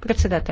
Председател.